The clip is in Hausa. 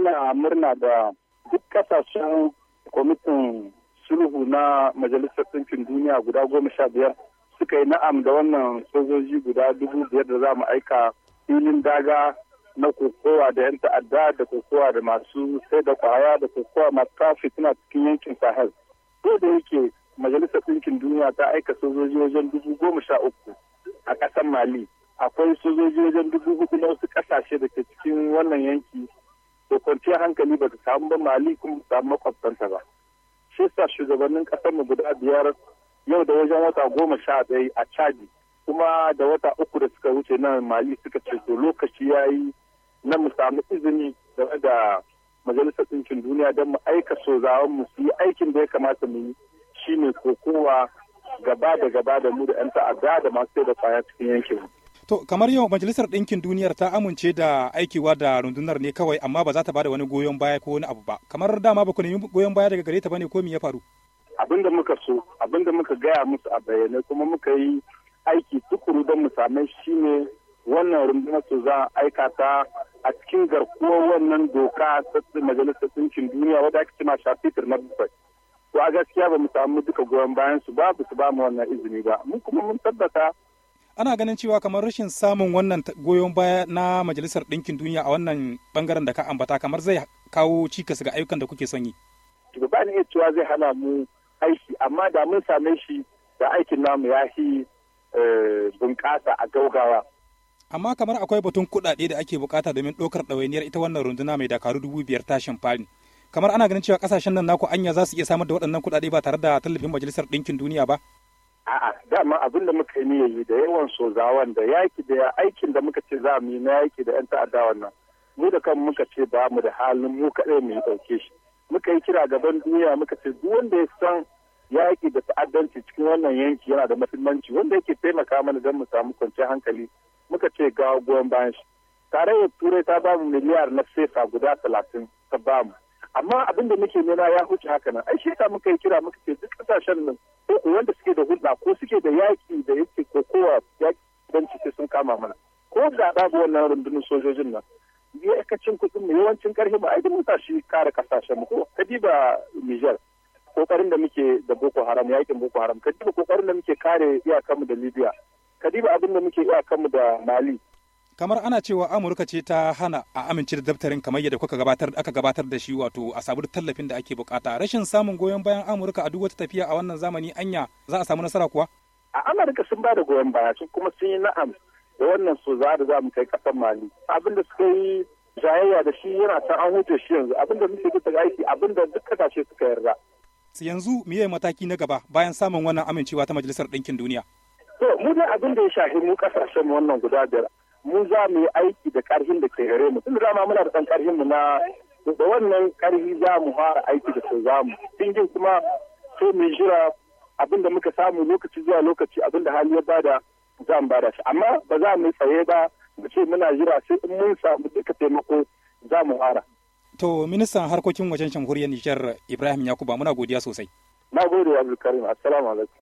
muna murna da duk kasashen kwamitin sulhu na majalisar ɗinkin duniya guda goma sha biyar suka yi na'am da wannan sojoji guda dubu biyar da za mu aika filin daga na kokowa da 'yan ta'adda da kokowa da masu sai da kwaya da kokowa masu kafi suna cikin yankin sahel ko da yake majalisar ɗinkin duniya ta aika sojoji wajen dubu goma sha uku a ƙasar mali akwai sojoji wajen dubu hudu na wasu ƙasashe da ke cikin wannan yanki hankali ba ta samu ba mali kuma ta samu makwabtanta ba shi sa shugabannin kasar mu guda biyar yau da wajen wata goma sha ɗaya a chadi kuma da wata uku da suka wuce nan mali suka ce to lokaci ya yi na mu samu izini game da majalisar ɗinkin duniya don mu aika sozawan mu su yi aikin da ya kamata mu yi shine kokowa gaba da gaba da mu da 'yan ta'adda da masu da kwaya cikin yankin mu. To kamar yau Majalisar Ɗinkin Duniyar ta amince da aikiwa da rundunar ne kawai amma ba za ta bada wani goyon baya ko wani abu ba. Kamar dama ba ku nemi goyon baya daga gare ta bane ko me ya faru? Abin da muka so, abin da muka gaya musu a bayyane kuma muka yi aiki tukuru don mu same shi ne wannan rundunar su za a aika ta a cikin garkuwar wannan doka ta Majalisar Ɗinkin Duniya wadda ake cema shafitar na bufai. To a gaskiya ba mu samu duka goyon bayan su babu su ba mu wannan izini ba. mun kuma mun tabbata ana ganin cewa kamar rashin samun wannan goyon baya na majalisar ɗinkin duniya a wannan bangaren da ka ambata kamar zai kawo cikas ga ayyukan da kuke son yi. To ba ni cewa zai hana mu aiki amma da mun same shi da aikin namu ya fi eh, bunƙasa a gaugawa. Amma kamar akwai batun kuɗaɗe da ake bukata domin ɗaukar ɗawainiyar ita wannan runduna mai dakaru dubu biyar tashin fari. Kamar ana ganin cewa ƙasashen nan naku anya za su iya samar da waɗannan kuɗaɗe ba tare da tallafin majalisar ɗinkin duniya ba? A'a dama abin da muka yi yi da yawan sozawan da yaki da aikin da muka ce za mu yi na yaki da 'yan ta'adda wannan mu da kan muka ce ba mu da halin mu kaɗai mu yi ɗauke shi muka yi kira gaban duniya muka ce duk wanda ya san yaƙi da ta'addanci cikin wannan yanki yana da muhimmanci wanda yake taimaka mana don mu samu kwanciyar hankali muka ce ga goyon bayan shi tarayyar turai ta bamu miliyar na sefa guda talatin ta bamu amma abin da muke nema ya huce haka nan ai shi yasa muka yi kira muka ce duk kasashen nan ko wanda suke da hulɗa ko suke da yaƙi da yake kokowa yaƙi don cike sun kama mana ko da ga wannan rundunar sojojin nan yakacin kuɗin mu yawancin ƙarfi mu ai mun tashi kare kasashen mu ko kadiba Niger kokarin da muke da Boko Haram yaƙin Boko Haram kadiba kokarin da muke kare iyakan mu da Libya kadiba abin da muke iyakan mu da Mali kamar ana cewa amurka ce ta hana a amince da daftarin kamar yadda kuka gabatar aka gabatar da shi wato a sabu tallafin da ake bukata rashin samun goyon bayan amurka a duk wata tafiya a wannan zamani anya za a samu nasara kuwa a amurka sun ba da goyon baya su kuma sun yi na'am da wannan su za da za mu kai kasan mali abin da suka yi jayayya da shi yana ta an huce shi yanzu abin da muke duka aiki abin da duk kasashe suka yarda yanzu miye mataki na gaba bayan samun wannan amincewa ta majalisar ɗinkin duniya to mu da abin da ya shafi mu kasashen wannan guda biyar mu za mu yi aiki da karhin da ke gare mu tun da dama muna da ɗan karhin mu na da wannan ƙarfi za mu fara aiki da su za mu jin kuma sai mu jira abin da muka samu lokaci zuwa lokaci abin da hali ya bada za mu bada shi amma ba za mu tsaye ba mu ce muna jira sai in mun samu duka taimako za mu fara. To ministan harkokin wajen jamhuriyar Nijar Ibrahim Yakuba muna godiya sosai. Na gode Abdulkarim assalamu alaikum.